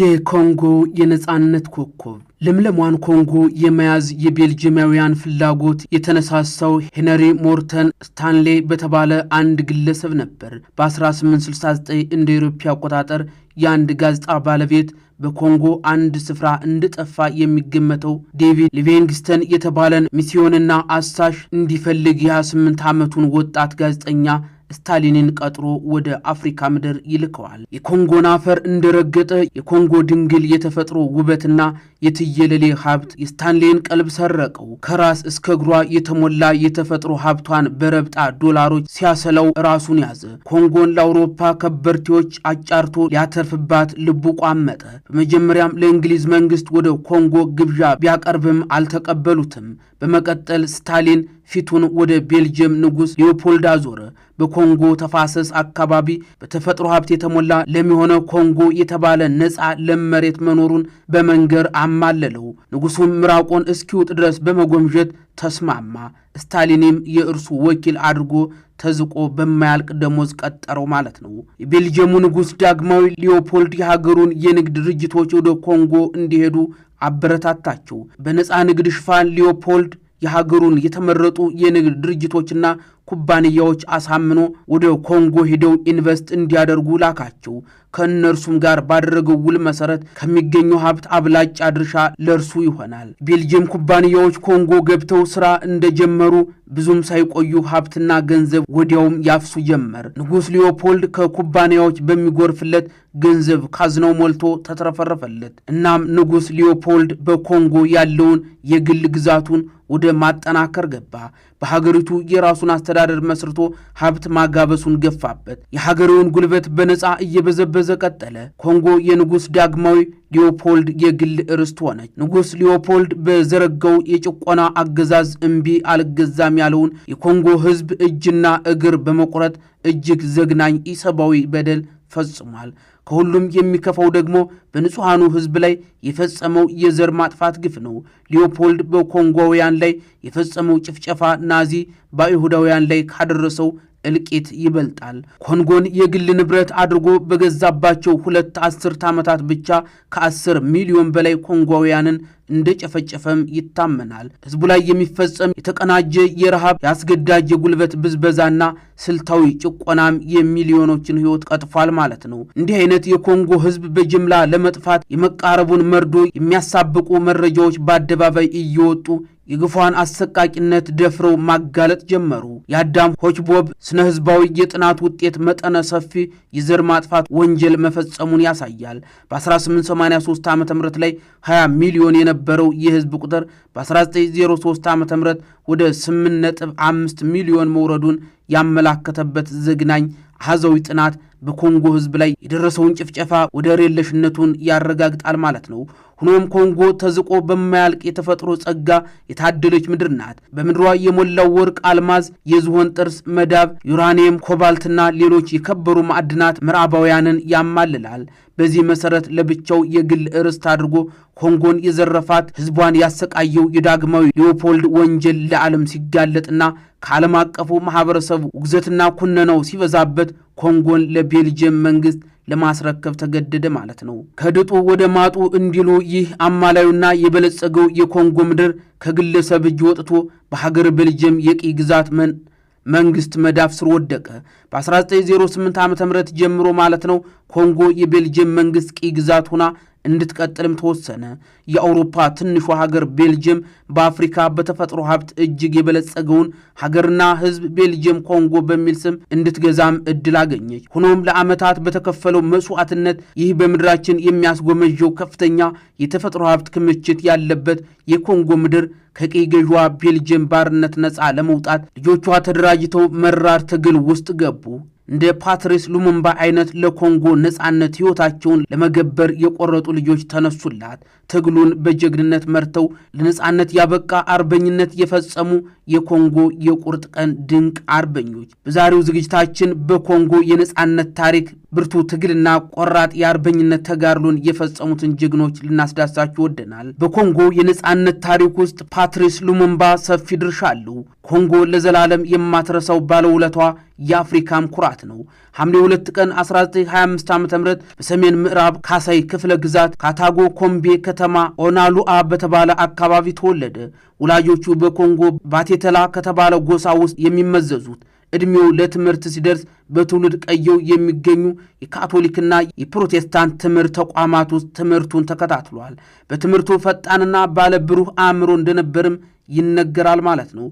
የኮንጎ የነጻነት ኮከብ ለምለሟን ኮንጎ የመያዝ የቤልጅማውያን ፍላጎት የተነሳሳው ሄነሪ ሞርተን ስታንሌ በተባለ አንድ ግለሰብ ነበር። በ1869 እንደ ኢሮፓ አቆጣጠር የአንድ ጋዜጣ ባለቤት በኮንጎ አንድ ስፍራ እንደጠፋ የሚገመተው ዴቪድ ሊቬንግስተን የተባለን ሚስዮንና አሳሽ እንዲፈልግ የ28 ዓመቱን ወጣት ጋዜጠኛ ስታሊንን ቀጥሮ ወደ አፍሪካ ምድር ይልከዋል። የኮንጎን አፈር እንደረገጠ የኮንጎ ድንግል የተፈጥሮ ውበትና የትየለሌ ሀብት የስታንሌን ቀልብ ሰረቀው። ከራስ እስከ እግሯ የተሞላ የተፈጥሮ ሀብቷን በረብጣ ዶላሮች ሲያሰለው ራሱን ያዘ። ኮንጎን ለአውሮፓ ከበርቴዎች አጫርቶ ሊያተርፍባት ልቡ ቋመጠ። በመጀመሪያም ለእንግሊዝ መንግስት ወደ ኮንጎ ግብዣ ቢያቀርብም አልተቀበሉትም። በመቀጠል ስታሊን ፊቱን ወደ ቤልጅየም ንጉሥ ሊዮፖልዳ አዞረ። በኮንጎ ተፋሰስ አካባቢ በተፈጥሮ ሀብት የተሞላ ለሚሆነ ኮንጎ የተባለ ነፃ ለም መሬት መኖሩን በመንገር አማለለው። ንጉሱም ምራቆን እስኪውጥ ድረስ በመጎምዠት ተስማማ። ስታሊንም የእርሱ ወኪል አድርጎ ተዝቆ በማያልቅ ደሞዝ ቀጠረው ማለት ነው። የቤልጅየሙ ንጉሥ ዳግማዊ ሊዮፖልድ የሀገሩን የንግድ ድርጅቶች ወደ ኮንጎ እንዲሄዱ አበረታታቸው። በነፃ ንግድ ሽፋን ሊዮፖልድ የሀገሩን የተመረጡ የንግድ ድርጅቶችና ኩባንያዎች አሳምኖ ወደ ኮንጎ ሂደው ኢንቨስት እንዲያደርጉ ላካቸው። ከእነርሱም ጋር ባደረገው ውል መሰረት ከሚገኘው ሀብት አብላጫ ድርሻ ለእርሱ ይሆናል። ቤልጅየም ኩባንያዎች ኮንጎ ገብተው ስራ እንደጀመሩ ብዙም ሳይቆዩ ሀብትና ገንዘብ ወዲያውም ያፍሱ ጀመር። ንጉሥ ሊዮፖልድ ከኩባንያዎች በሚጎርፍለት ገንዘብ ካዝነው ሞልቶ ተትረፈረፈለት። እናም ንጉሥ ሊዮፖልድ በኮንጎ ያለውን የግል ግዛቱን ወደ ማጠናከር ገባ። በሀገሪቱ የራሱን አስተዳደ አስተዳደር መስርቶ ሀብት ማጋበሱን ገፋበት። የሀገሬውን ጉልበት በነፃ እየበዘበዘ ቀጠለ። ኮንጎ የንጉሥ ዳግማዊ ሊዮፖልድ የግል ርስት ሆነች። ንጉሥ ሊዮፖልድ በዘረጋው የጭቆና አገዛዝ እምቢ አልገዛም ያለውን የኮንጎ ሕዝብ እጅና እግር በመቁረጥ እጅግ ዘግናኝ ኢሰብአዊ በደል ፈጽሟል። ከሁሉም የሚከፋው ደግሞ በንጹሐኑ ሕዝብ ላይ የፈጸመው የዘር ማጥፋት ግፍ ነው። ሊዮፖልድ በኮንጎውያን ላይ የፈጸመው ጭፍጨፋ ናዚ በአይሁዳውያን ላይ ካደረሰው እልቂት ይበልጣል። ኮንጎን የግል ንብረት አድርጎ በገዛባቸው ሁለት አስርት ዓመታት ብቻ ከአስር ሚሊዮን በላይ ኮንጓውያንን እንደጨፈጨፈም ይታመናል። ህዝቡ ላይ የሚፈጸም የተቀናጀ የረሃብ የአስገዳጅ የጉልበት ብዝበዛና ስልታዊ ጭቆናም የሚሊዮኖችን ህይወት ቀጥፏል ማለት ነው። እንዲህ አይነት የኮንጎ ህዝብ በጅምላ ለመጥፋት የመቃረቡን መርዶ የሚያሳብቁ መረጃዎች በአደባባይ እየወጡ የግፏን አሰቃቂነት ደፍረው ማጋለጥ ጀመሩ። የአዳም ሆችቦብ ስነ ህዝባዊ የጥናት ውጤት መጠነ ሰፊ የዘር ማጥፋት ወንጀል መፈጸሙን ያሳያል። በ1883 ዓ ም ላይ 20 ሚሊዮን የነበረው የህዝብ ቁጥር በ1903 ዓ ም ወደ 8.5 ሚሊዮን መውረዱን ያመላከተበት ዘግናኝ አሃዛዊ ጥናት በኮንጎ ሕዝብ ላይ የደረሰውን ጭፍጨፋ ወደር የለሽነቱን ያረጋግጣል ማለት ነው። ሆኖም ኮንጎ ተዝቆ በማያልቅ የተፈጥሮ ጸጋ የታደለች ምድር ናት። በምድሯ የሞላው ወርቅ፣ አልማዝ፣ የዝሆን ጥርስ፣ መዳብ፣ ዩራኒየም፣ ኮባልትና ሌሎች የከበሩ ማዕድናት ምዕራባውያንን ያማልላል። በዚህ መሰረት ለብቻው የግል ርስት አድርጎ ኮንጎን የዘረፋት ሕዝቧን ያሰቃየው የዳግማዊ ሊዮፖልድ ወንጀል ለዓለም ሲጋለጥና ከዓለም አቀፉ ማህበረሰቡ ውግዘትና ኩነናው ሲበዛበት ኮንጎን ለቤልጅየም መንግስት ለማስረከብ ተገደደ ማለት ነው። ከድጡ ወደ ማጡ እንዲሉ ይህ አማላዩና የበለጸገው የኮንጎ ምድር ከግለሰብ እጅ ወጥቶ በሀገር ቤልጅየም የቅኝ ግዛት መንግስት መዳፍ ስር ወደቀ። በ1908 ዓ ም ጀምሮ ማለት ነው ኮንጎ የቤልጅየም መንግስት ቅኝ ግዛት ሆና እንድትቀጥልም ተወሰነ። የአውሮፓ ትንሿ ሀገር ቤልጅየም በአፍሪካ በተፈጥሮ ሀብት እጅግ የበለጸገውን ሀገርና ሕዝብ ቤልጅየም ኮንጎ በሚል ስም እንድትገዛም እድል አገኘች። ሆኖም ለዓመታት በተከፈለው መስዋዕትነት ይህ በምድራችን የሚያስጎመጀው ከፍተኛ የተፈጥሮ ሀብት ክምችት ያለበት የኮንጎ ምድር ከቅኝ ገዥዋ ቤልጅየም ባርነት ነፃ ለመውጣት ልጆቿ ተደራጅተው መራር ትግል ውስጥ ገቡ። እንደ ፓትሪስ ሉሙምባ አይነት ለኮንጎ ነጻነት ሕይወታቸውን ለመገበር የቆረጡ ልጆች ተነሱላት። ትግሉን በጀግንነት መርተው ለነጻነት ያበቃ አርበኝነት የፈጸሙ የኮንጎ የቁርጥ ቀን ድንቅ አርበኞች። በዛሬው ዝግጅታችን በኮንጎ የነጻነት ታሪክ ብርቱ ትግልና ቆራጥ የአርበኝነት ተጋድሎን የፈጸሙትን ጀግኖች ልናስዳሳችሁ ወደናል። በኮንጎ የነጻነት ታሪክ ውስጥ ፓትሪስ ሉሙምባ ሰፊ ድርሻ አለው። ኮንጎ ለዘላለም የማትረሳው ባለውለቷ የአፍሪካም ኩራ ጥቃት ነው። ሐምሌ 2 ቀን 1925 ዓ ም በሰሜን ምዕራብ ካሳይ ክፍለ ግዛት ካታጎ ኮምቤ ከተማ ኦናሉአ በተባለ አካባቢ ተወለደ። ወላጆቹ በኮንጎ ባቴተላ ከተባለ ጎሳ ውስጥ የሚመዘዙት ዕድሜው ለትምህርት ሲደርስ በትውልድ ቀየው የሚገኙ የካቶሊክና የፕሮቴስታንት ትምህርት ተቋማት ውስጥ ትምህርቱን ተከታትሏል። በትምህርቱ ፈጣንና ባለብሩህ አእምሮ እንደነበርም ይነገራል ማለት ነው።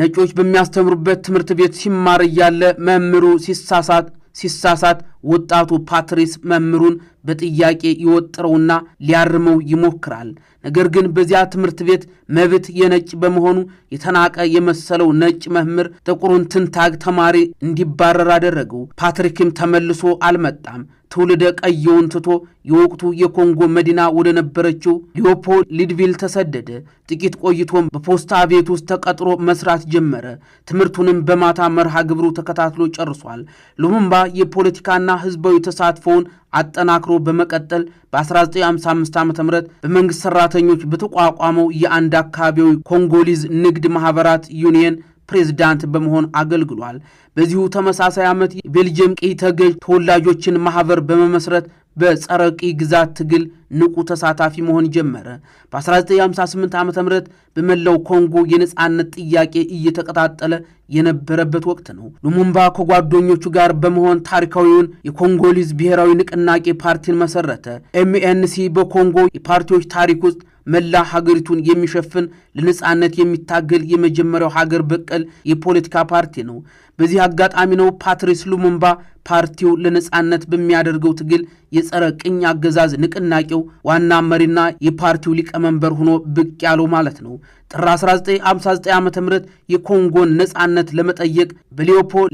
ነጮች በሚያስተምሩበት ትምህርት ቤት ሲማር እያለ መምህሩ ሲሳሳት ሲሳሳት ወጣቱ ፓትሪስ መምህሩን በጥያቄ ይወጥረውና ሊያርመው ይሞክራል። ነገር ግን በዚያ ትምህርት ቤት መብት የነጭ በመሆኑ የተናቀ የመሰለው ነጭ መምህር ጥቁሩን ትንታግ ተማሪ እንዲባረር አደረገው። ፓትሪክም ተመልሶ አልመጣም። ትውልደ ቀየውን ትቶ የወቅቱ የኮንጎ መዲና ወደ ነበረችው ሊዮፖ ሊድቪል ተሰደደ። ጥቂት ቆይቶም በፖስታ ቤት ውስጥ ተቀጥሮ መስራት ጀመረ። ትምህርቱንም በማታ መርሃ ግብሩ ተከታትሎ ጨርሷል። ሉሙምባ የፖለቲካና ህዝባዊ ተሳትፎውን አጠናክሮ በመቀጠል በ1955 ዓ ም በመንግሥት ሠራተኞች በተቋቋመው የአንድ አካባቢዊ ኮንጎሊዝ ንግድ ማኅበራት ዩኒየን ፕሬዝዳንት በመሆን አገልግሏል። በዚሁ ተመሳሳይ ዓመት የቤልጅየም ቅኝ ተገዥ ተወላጆችን ማኅበር በመመስረት በጸረ ቅኝ ግዛት ትግል ንቁ ተሳታፊ መሆን ጀመረ። በ1958 ዓ ም በመላው ኮንጎ የነፃነት ጥያቄ እየተቀጣጠለ የነበረበት ወቅት ነው። ሉሙምባ ከጓደኞቹ ጋር በመሆን ታሪካዊውን የኮንጎሊዝ ብሔራዊ ንቅናቄ ፓርቲን መሰረተ። ኤምኤንሲ በኮንጎ የፓርቲዎች ታሪክ ውስጥ መላ ሀገሪቱን የሚሸፍን ለነፃነት የሚታገል የመጀመሪያው ሀገር በቀል የፖለቲካ ፓርቲ ነው። በዚህ አጋጣሚ ነው ፓትሪስ ሉሙምባ ፓርቲው ለነጻነት በሚያደርገው ትግል የጸረ ቅኝ አገዛዝ ንቅናቄው ዋና መሪና የፓርቲው ሊቀመንበር ሆኖ ብቅ ያለው ማለት ነው። ጥር 1959 ዓ ም የኮንጎን ነጻነት ለመጠየቅ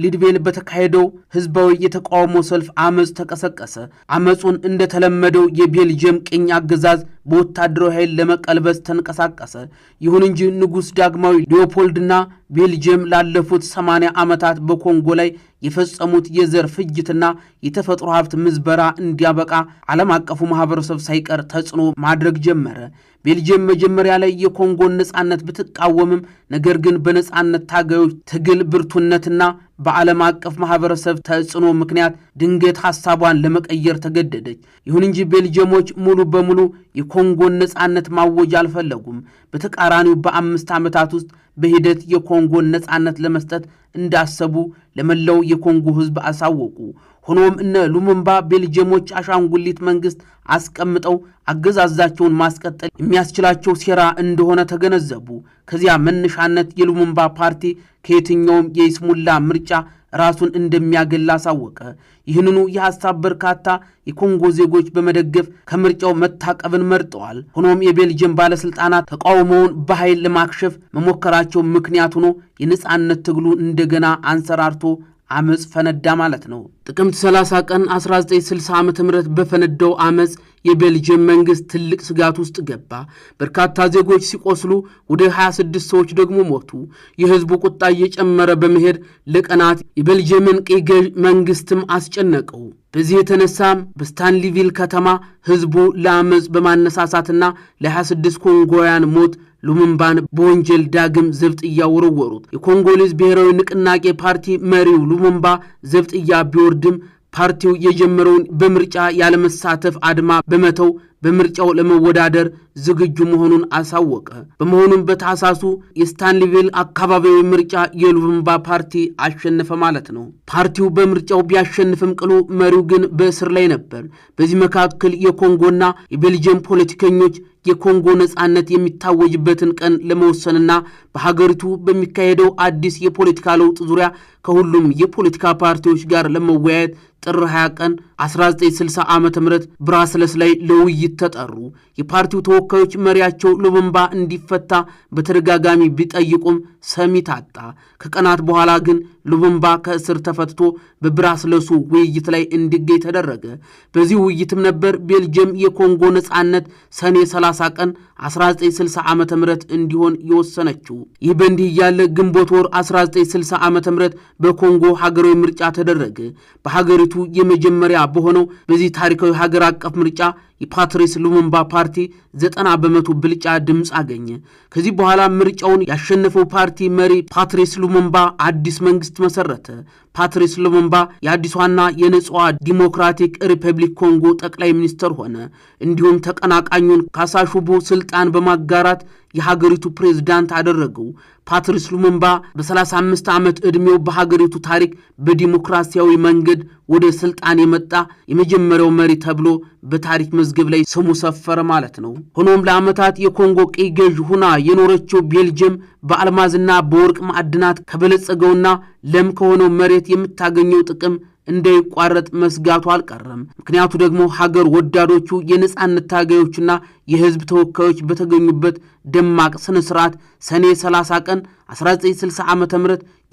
ሊድቬል በተካሄደው ህዝባዊ የተቃውሞ ሰልፍ አመፅ ተቀሰቀሰ። አመፁን እንደተለመደው የቤልጅየም ቅኝ አገዛዝ በወታደራዊ ኃይል ለመቀልበስ ተንቀሳቀሰ። ይሁን እንጂ ንጉሥ ዳግማዊ ሊዮፖልድና ቤልጅየም ላለፉት 80 ዓመታት ጥቃት በኮንጎ ላይ የፈጸሙት የዘር ፍጅትና የተፈጥሮ ሀብት ምዝበራ እንዲያበቃ ዓለም አቀፉ ማህበረሰብ ሳይቀር ተጽዕኖ ማድረግ ጀመረ። ቤልጅየም መጀመሪያ ላይ የኮንጎን ነጻነት ብትቃወምም ነገር ግን በነጻነት ታጋዮች ትግል ብርቱነትና በዓለም አቀፍ ማህበረሰብ ተጽዕኖ ምክንያት ድንገት ሐሳቧን ለመቀየር ተገደደች። ይሁን እንጂ ቤልጅየሞች ሙሉ በሙሉ የኮንጎን ነጻነት ማወጅ አልፈለጉም። በተቃራኒው በአምስት ዓመታት ውስጥ በሂደት የኮንጎን ነጻነት ለመስጠት እንዳሰቡ ለመላው የኮንጎ ህዝብ አሳወቁ። ሆኖም እነ ሉሙምባ ቤልጅየሞች አሻንጉሊት መንግስት አስቀምጠው አገዛዛቸውን ማስቀጠል የሚያስችላቸው ሴራ እንደሆነ ተገነዘቡ። ከዚያ መነሻነት የሉሙምባ ፓርቲ ከየትኛውም የይስሙላ ምርጫ ራሱን እንደሚያገል አሳወቀ። ይህንኑ የሐሳብ በርካታ የኮንጎ ዜጎች በመደገፍ ከምርጫው መታቀብን መርጠዋል። ሆኖም የቤልጅየም ባለሥልጣናት ተቃውሞውን በኃይል ለማክሸፍ መሞከራቸው ምክንያት ሆኖ የነፃነት ትግሉ እንደገና አንሰራርቶ አመፅ ፈነዳ ማለት ነው። ጥቅምት 30 ቀን 1960 ዓ ም በፈነዳው አመፅ የቤልጅየም መንግስት ትልቅ ስጋት ውስጥ ገባ። በርካታ ዜጎች ሲቆስሉ ወደ 26 ሰዎች ደግሞ ሞቱ። የህዝቡ ቁጣ እየጨመረ በመሄድ ለቀናት የቤልጅየምን ቅኝ ገዥ መንግስትም አስጨነቀው። በዚህ የተነሳም በስታንሊቪል ከተማ ሕዝቡ ለአመፅ በማነሳሳትና ለ26 ኮንጎውያን ሞት ሉሙምባን በወንጀል ዳግም ዘብጥያ እያወረወሩት። የኮንጎሌዝ ብሔራዊ ንቅናቄ ፓርቲ መሪው ሉሙምባ ዘብጥያ ቢወርድም ፓርቲው የጀመረውን በምርጫ ያለመሳተፍ አድማ በመተው በምርጫው ለመወዳደር ዝግጁ መሆኑን አሳወቀ። በመሆኑም በታህሳሱ የስታንሊቪል አካባቢያዊ ምርጫ የሉሙምባ ፓርቲ አሸነፈ ማለት ነው። ፓርቲው በምርጫው ቢያሸንፍም ቅሉ መሪው ግን በእስር ላይ ነበር። በዚህ መካከል የኮንጎና የቤልጅየም ፖለቲከኞች የኮንጎ ነጻነት የሚታወጅበትን ቀን ለመወሰንና በሀገሪቱ በሚካሄደው አዲስ የፖለቲካ ለውጥ ዙሪያ ከሁሉም የፖለቲካ ፓርቲዎች ጋር ለመወያየት ጥር 20 ቀን 1960 ዓ ም ብራስለስ ላይ ለውይይት ተጠሩ። የፓርቲው ተወካዮች መሪያቸው ሉሙምባ እንዲፈታ በተደጋጋሚ ቢጠይቁም ሰሚ ታጣ። ከቀናት በኋላ ግን ሉሙምባ ከእስር ተፈትቶ በብራስለሱ ውይይት ላይ እንዲገኝ ተደረገ። በዚህ ውይይትም ነበር ቤልጅየም የኮንጎ ነጻነት ሰኔ 30 ቀን 1960 ዓ ም እንዲሆን የወሰነችው። ይህ በእንዲህ እያለ ግንቦት ወር 1960 ዓ ም በኮንጎ ሀገራዊ ምርጫ ተደረገ። በሀገሪቱ የመጀመሪያ በሆነው በዚህ ታሪካዊ ሀገር አቀፍ ምርጫ የፓትሪስ ሉሙምባ ፓርቲ 90 በመቶ ብልጫ ድምፅ አገኘ። ከዚህ በኋላ ምርጫውን ያሸነፈው ፓርቲ መሪ ፓትሪስ ሉሙምባ አዲስ መንግስት መሰረተ። ፓትሪስ ሉሙምባ የአዲሷና የነጽዋ ዲሞክራቲክ ሪፐብሊክ ኮንጎ ጠቅላይ ሚኒስትር ሆነ። እንዲሁም ተቀናቃኙን ካሳሹቡ ስልጣን በማጋራት የሀገሪቱ ፕሬዝዳንት አደረገው። ፓትሪስ ሉሙምባ በ35 ዓመት ዕድሜው በሀገሪቱ ታሪክ በዲሞክራሲያዊ መንገድ ወደ ስልጣን የመጣ የመጀመሪያው መሪ ተብሎ በታሪክ መዝገብ ላይ ስሙ ሰፈረ ማለት ነው። ሆኖም ለዓመታት የኮንጎ ቅኝ ገዥ ሁና የኖረችው ቤልጅየም በአልማዝና በወርቅ ማዕድናት ከበለጸገውና ለም ከሆነው መሬት የምታገኘው ጥቅም እንዳይቋረጥ መስጋቱ አልቀረም። ምክንያቱ ደግሞ ሀገር ወዳዶቹ የነጻነት ታጋዮችና የህዝብ ተወካዮች በተገኙበት ደማቅ ስነ ስርዓት ሰኔ 30 ቀን 1960 ዓ ም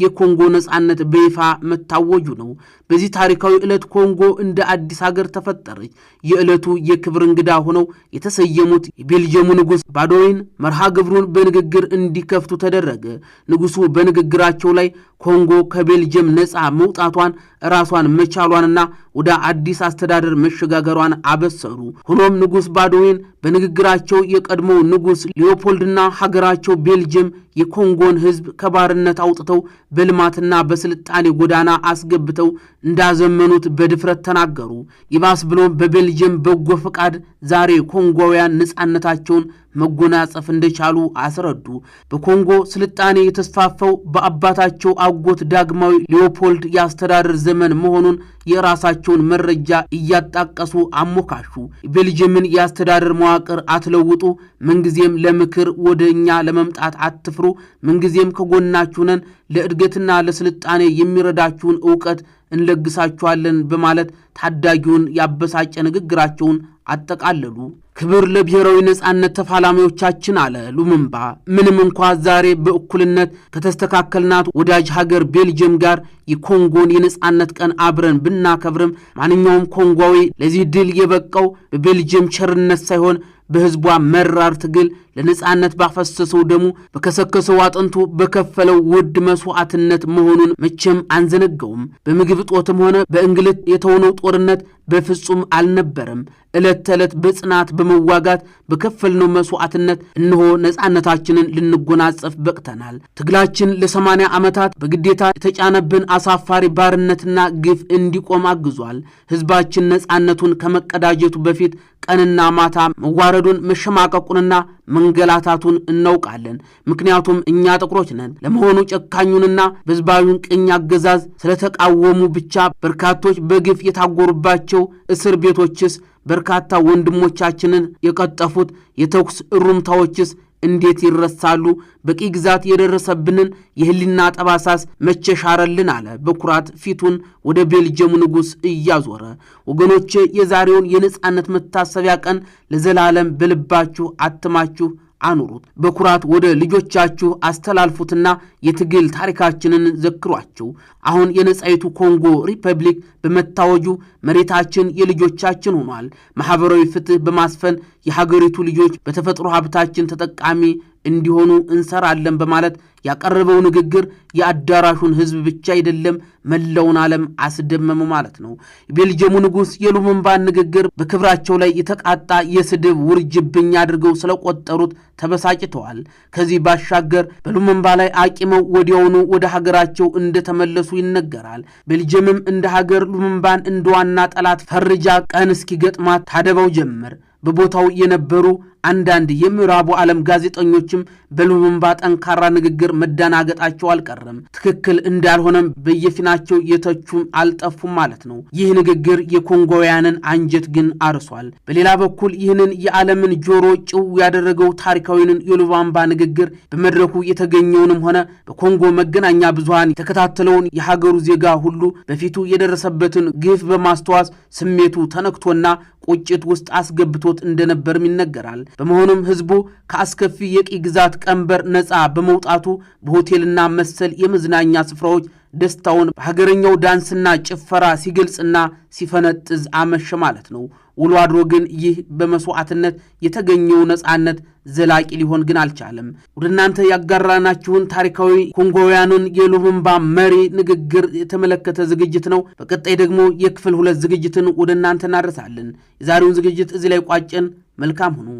የኮንጎ ነጻነት በይፋ መታወጁ ነው። በዚህ ታሪካዊ ዕለት ኮንጎ እንደ አዲስ ሀገር ተፈጠረች። የዕለቱ የክብር እንግዳ ሆነው የተሰየሙት የቤልጅየሙ ንጉሥ ባዶዌን መርሃ ግብሩን በንግግር እንዲከፍቱ ተደረገ። ንጉሡ በንግግራቸው ላይ ኮንጎ ከቤልጅየም ነፃ መውጣቷን ራሷን መቻሏንና ወደ አዲስ አስተዳደር መሸጋገሯን አበሰሩ። ሆኖም ንጉሥ ባዶዌን በንግግራቸው የቀድሞው ንጉሥ ሊዮፖልድና ሀገራቸው ቤልጅየም የኮንጎን ሕዝብ ከባርነት አውጥተው በልማትና በስልጣኔ ጎዳና አስገብተው እንዳዘመኑት በድፍረት ተናገሩ። ይባስ ብሎም በቤልጅየም በጎ ፈቃድ ዛሬ ኮንጎውያን ነጻነታቸውን መጎናጸፍ እንደቻሉ አስረዱ። በኮንጎ ስልጣኔ የተስፋፈው በአባታቸው አጎት ዳግማዊ ሊዮፖልድ የአስተዳደር ዘመን መሆኑን የራሳቸውን መረጃ እያጣቀሱ አሞካሹ። ቤልጅየምን የአስተዳደር መዋቅር አትለውጡ፣ ምንጊዜም ለምክር ወደ እኛ ለመምጣት አትፍሩ፣ ምንጊዜም ከጎናችሁ ነን፣ ለእድገትና ለስልጣኔ የሚረዳችሁን እውቀት እንለግሳችኋለን በማለት ታዳጊውን ያበሳጨ ንግግራቸውን አጠቃለሉ። ክብር ለብሔራዊ ነጻነት ተፋላሚዎቻችን አለ ሉምምባ። ምንም እንኳ ዛሬ በእኩልነት ከተስተካከልናት ወዳጅ ሀገር ቤልጅየም ጋር የኮንጎን የነጻነት ቀን አብረን ብናከብርም ማንኛውም ኮንጓዊ ለዚህ ድል የበቃው በቤልጅየም ቸርነት ሳይሆን በህዝቧ መራር ትግል ለነጻነት ባፈሰሰው ደሙ በከሰከሰው አጥንቱ በከፈለው ውድ መስዋዕትነት መሆኑን መቼም አንዘነገውም። በምግብ ጦትም ሆነ በእንግልት የተሆነው ጦርነት በፍጹም አልነበረም። ዕለት ተዕለት በጽናት በመዋጋት በከፈልነው መስዋዕትነት እነሆ ነጻነታችንን ልንጎናጸፍ በቅተናል። ትግላችን ለሰማንያ ዓመታት በግዴታ የተጫነብን አሳፋሪ ባርነትና ግፍ እንዲቆም አግዟል። ሕዝባችን ነጻነቱን ከመቀዳጀቱ በፊት ቀንና ማታ መዋረዱን መሸማቀቁንና መንገላታቱን እናውቃለን። ምክንያቱም እኛ ጥቁሮች ነን። ለመሆኑ ጨካኙንና በሕዝባዊውን ቅኝ አገዛዝ ስለተቃወሙ ብቻ በርካቶች በግፍ የታጎሩባቸው እስር ቤቶችስ፣ በርካታ ወንድሞቻችንን የቀጠፉት የተኩስ እሩምታዎችስ እንዴት ይረሳሉ? በቂ ግዛት የደረሰብንን የህሊና ጠባሳስ መቼ ሻረልን? አለ በኩራት ፊቱን ወደ ቤልጅየሙ ንጉሥ እያዞረ። ወገኖቼ የዛሬውን የነፃነት መታሰቢያ ቀን ለዘላለም በልባችሁ አትማችሁ አኑሩት፣ በኩራት ወደ ልጆቻችሁ አስተላልፉትና የትግል ታሪካችንን ዘክሯቸው። አሁን የነጻይቱ ኮንጎ ሪፐብሊክ በመታወጁ መሬታችን የልጆቻችን ሆኗል። ማኅበራዊ ፍትሕ በማስፈን የሀገሪቱ ልጆች በተፈጥሮ ሀብታችን ተጠቃሚ እንዲሆኑ እንሰራለን በማለት ያቀረበው ንግግር የአዳራሹን ህዝብ ብቻ አይደለም መላውን ዓለም አስደመሙ ማለት ነው። የቤልጅየሙ ንጉሥ የሉምንባን ንግግር በክብራቸው ላይ የተቃጣ የስድብ ውርጅብኝ አድርገው ስለቆጠሩት ተበሳጭተዋል። ከዚህ ባሻገር በሉምንባ ላይ አቂመው ወዲያውኑ ወደ ሀገራቸው እንደተመለሱ ይነገራል። ቤልጅየምም እንደ ሀገር ሉምንባን እንደ ዋና ጠላት ፈርጃ ቀን እስኪገጥማት ታደባው ጀመር። በቦታው የነበሩ አንዳንድ የምዕራቡ ዓለም ጋዜጠኞችም በሉሙምባ ጠንካራ ንግግር መደናገጣቸው አልቀረም። ትክክል እንዳልሆነም በየፊናቸው የተቹም አልጠፉም ማለት ነው። ይህ ንግግር የኮንጎውያንን አንጀት ግን አርሷል። በሌላ በኩል ይህንን የዓለምን ጆሮ ጭው ያደረገው ታሪካዊንን የሉባምባ ንግግር በመድረኩ የተገኘውንም ሆነ በኮንጎ መገናኛ ብዙሃን የተከታተለውን የሀገሩ ዜጋ ሁሉ በፊቱ የደረሰበትን ግፍ በማስተዋስ ስሜቱ ተነክቶና ቁጭት ውስጥ አስገብቶት እንደነበርም ይነገራል። በመሆኑም ህዝቡ ከአስከፊ የቂ ግዛት ቀንበር ነፃ በመውጣቱ በሆቴልና መሰል የመዝናኛ ስፍራዎች ደስታውን በሀገረኛው ዳንስና ጭፈራ ሲገልጽና ሲፈነጥዝ አመሸ ማለት ነው። ውሎ አድሮ ግን ይህ በመስዋዕትነት የተገኘው ነፃነት ዘላቂ ሊሆን ግን አልቻለም። ወደ እናንተ ያጋራናችሁን ታሪካዊ ኮንጎውያኑን የሉሙምባ መሪ ንግግር የተመለከተ ዝግጅት ነው። በቀጣይ ደግሞ የክፍል ሁለት ዝግጅትን ወደ እናንተ እናደርሳለን። የዛሬውን ዝግጅት እዚህ ላይ ቋጭን። መልካም ሁኑ።